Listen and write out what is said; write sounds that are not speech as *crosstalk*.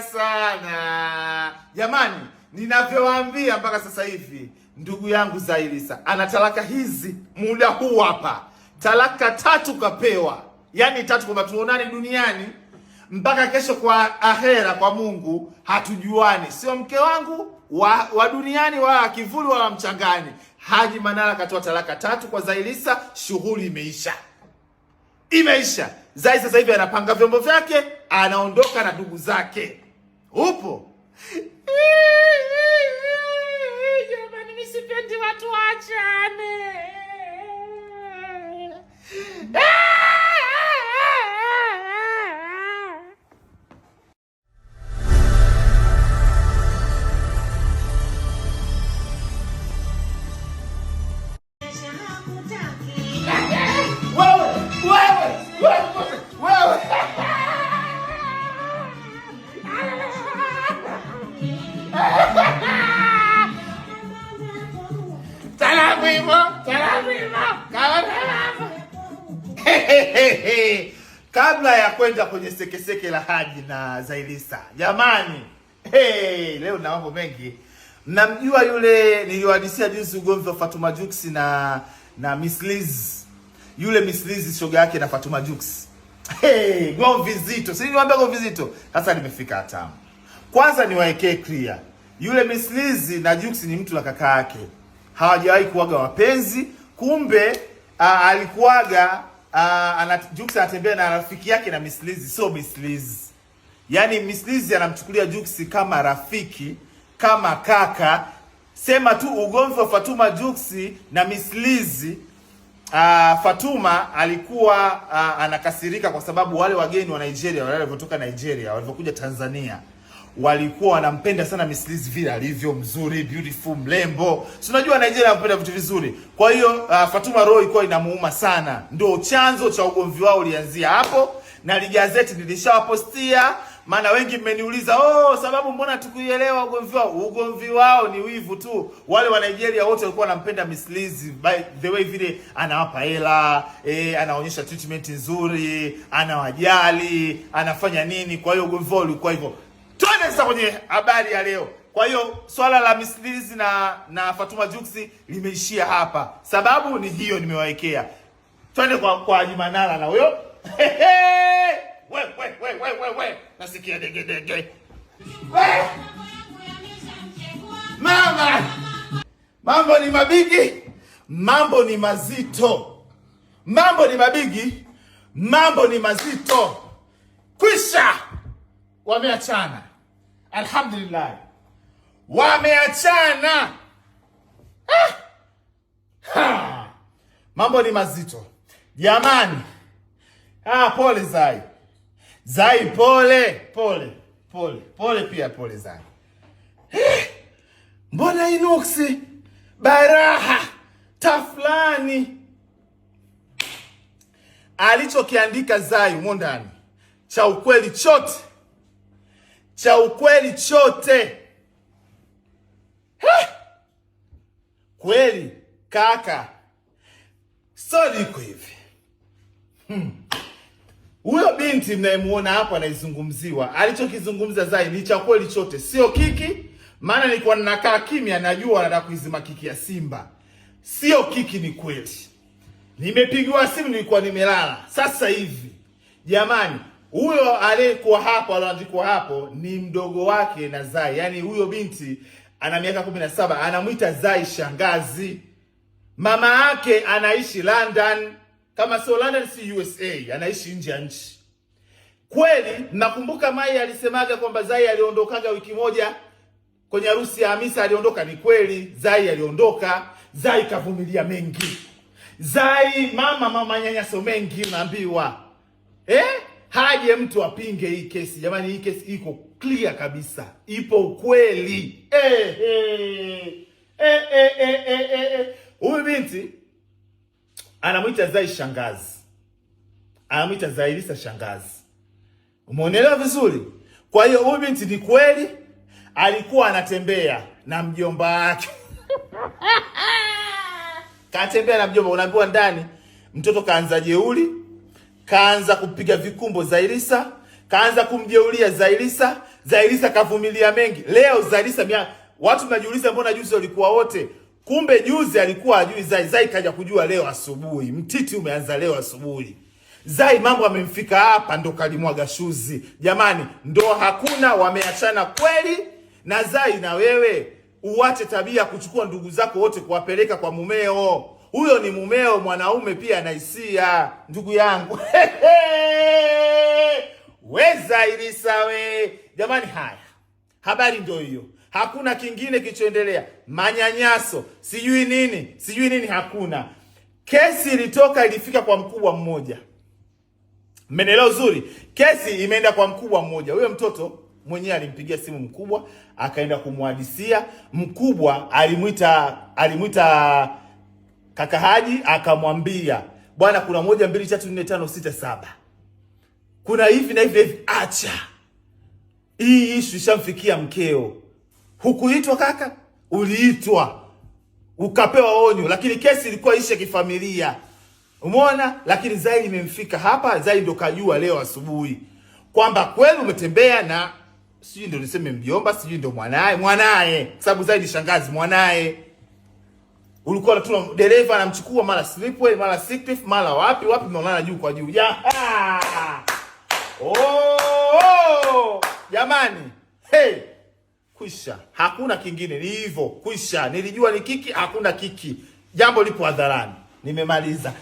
sana jamani, ninavyowaambia mpaka sasa hivi, ndugu yangu Zailisa ana talaka hizi muda huu hapa, talaka tatu kapewa, yaani tatu, kwamba tuonane duniani mpaka kesho kwa ahera kwa Mungu hatujuani, sio mke wangu wa, wa duniani wala kivuli wala mchangani. Haji Manara katoa talaka tatu kwa Zailisa, shughuli imeisha, imeisha. Zai sasa hivi anapanga vyombo vyake, anaondoka na ndugu zake upo jamani, nisipendi watu waachane. *laughs* kabla ya kwenda kwenye sekeseke la Haji na Zailisa, jamani, hey, leo na mambo mengi. Mnamjua yule niliyohadisia juzi ugomvi wa Fatuma Jux na na Miss Liz, yule Miss Liz shoga yake na Fatuma Jux. Hey, gomvi zito, si niwaambia gomvi zito. Sasa nimefika hatamu. Kwanza niwaekee clear, yule Miss Liz na Jux ni mtu na kaka yake hawajawahi kuwaga wapenzi. Kumbe uh, alikuwaga uh, anat, Jux anatembea na rafiki yake na Miss sio Miss yani Yaani Miss anamchukulia Jux kama rafiki, kama kaka. Sema tu ugomvi wa Fatuma Jux na Miss Uh, Fatuma alikuwa uh, anakasirika kwa sababu wale wageni wa Nigeria wale walivyotoka Nigeria walivyokuja Tanzania walikuwa wanampenda sana Miss Liz vile alivyo mzuri, beautiful, mrembo. Si unajua Nigeria anapenda vitu vizuri. Kwa hiyo uh, Fatuma Roy ilikuwa inamuuma sana, ndio chanzo cha ugomvi wao ulianzia hapo, na ligazeti nilishawapostia maana wengi mmeniuliza, oh, sababu mbona tukuielewa ugomvi wao? Ugomvi wao ni wivu tu. Wale wa Nigeria wote walikuwa wanampenda Miss Liz by the way, vile anawapa hela eh, anaonyesha treatment nzuri, anawajali, anafanya nini. Kwa hiyo ugomvi wao ulikuwa hivyo. Tuende sasa kwenye habari ya leo. Kwa hiyo swala la Miss na na Fatuma Juksi limeishia hapa, sababu ni hiyo nimewawekea. Twende kwa kwa Jumanala na huyo we, we, we, we, we, we. Nasikia dege dege mama, mambo ni mabigi, mambo ni mazito, mambo ni mabigi, mambo ni mazito. Kwisha, wameachana. Alhamdulillah wameachana. Ah! Mambo ni mazito jamani. Ah, pole Zai, Zai pole pole pole pole, pia pole Zai. Eh, mbona inuksi baraha tafulani alichokiandika Zai mundani cha ukweli chote cha ukweli chote. He! Kweli kaka, stori iko hivi hmm. huyo hmm. Binti mnayemuona hapo anaizungumziwa, alichokizungumza Zai ni cha kweli chote, sio kiki. Maana nilikuwa ninakaa kimya, najua anataka kuizima kiki ya Simba. Sio kiki, ni kweli. Nimepigiwa simu, nilikuwa nimelala. Sasa hivi jamani huyo aliyekuwa hapo alioandikwa hapo ni mdogo wake na Zai, yaani huyo binti ana miaka kumi na saba, anamwita Zai shangazi. Mama yake anaishi London, kama sio London si USA, anaishi nje ya nchi. Kweli nakumbuka Mai alisemaga kwamba Zai aliondokaga wiki moja kwenye harusi ya Hamisa, aliondoka. Ni kweli, Zai aliondoka. Zai kavumilia mengi. Zai mama mama nyanyaso mengi, naambiwa eh? haje mtu apinge hii kesi jamani. Hii kesi iko clear kabisa, ipo ukweli. Eh eh eh, eh, eh, eh, eh, eh, eh. Huyu binti anamwita Zai shangazi, anamwita Zailisa shangazi, umeonelewa vizuri. Kwa hiyo huyu binti ni kweli alikuwa anatembea na mjomba wake *laughs* katembea na mjomba, unaambiwa ndani mtoto kaanza jeuli kaanza kupiga vikumbo Zailisa, kaanza kumjeulia Zailisa. Zailisa kavumilia mengi. Leo Zailisa mia, watu mnajiuliza mbona juzi walikuwa wote, kumbe juzi alikuwa ajui Zai. Zai kaja kujua leo asubuhi, mtiti umeanza leo asubuhi. Zai mambo amemfika hapa, ndo kalimwaga shuzi. Jamani, ndo hakuna wameachana kweli. Na Zai, na wewe uwache tabia kuchukua ndugu zako wote kuwapeleka kwa mumeo huyo ni mumeo, mwanaume pia ana hisia, ndugu yangu *laughs* weza ilisawe. Jamani, haya habari ndio hiyo, hakuna kingine kilichoendelea. Manyanyaso sijui nini sijui nini, hakuna kesi ilitoka, ilifika kwa mkubwa mmoja. Mmenelewa uzuri, kesi imeenda kwa mkubwa mmoja. Huyo mtoto mwenyewe alimpigia simu mkubwa, akaenda kumwadisia mkubwa, alimwita alimwita Kaka Haji akamwambia bwana, kuna moja mbili tatu nne tano sita saba, kuna hivi na hivi na hivi, acha hii ishu ishamfikia mkeo. Hukuitwa kaka, uliitwa ukapewa onyo, lakini kesi ilikuwa ishe kifamilia, umeona. Lakini Zai imemfika hapa, zaidi ndo kajua leo asubuhi kwamba kweli umetembea na sijui ndo niseme mjomba, sijui ndo mwanaye mwanaye, sababu Zai ni shangazi mwanaye ulikuwa tuna dereva anamchukua mara slipway mara Sixth mara wapi wapi, mnaonana juu kwa juu ya oh, ah! oh, jamani hey, kwisha, hakuna kingine, ni hivyo kwisha. Nilijua ni kiki, hakuna kiki, jambo lipo hadharani. Nimemaliza.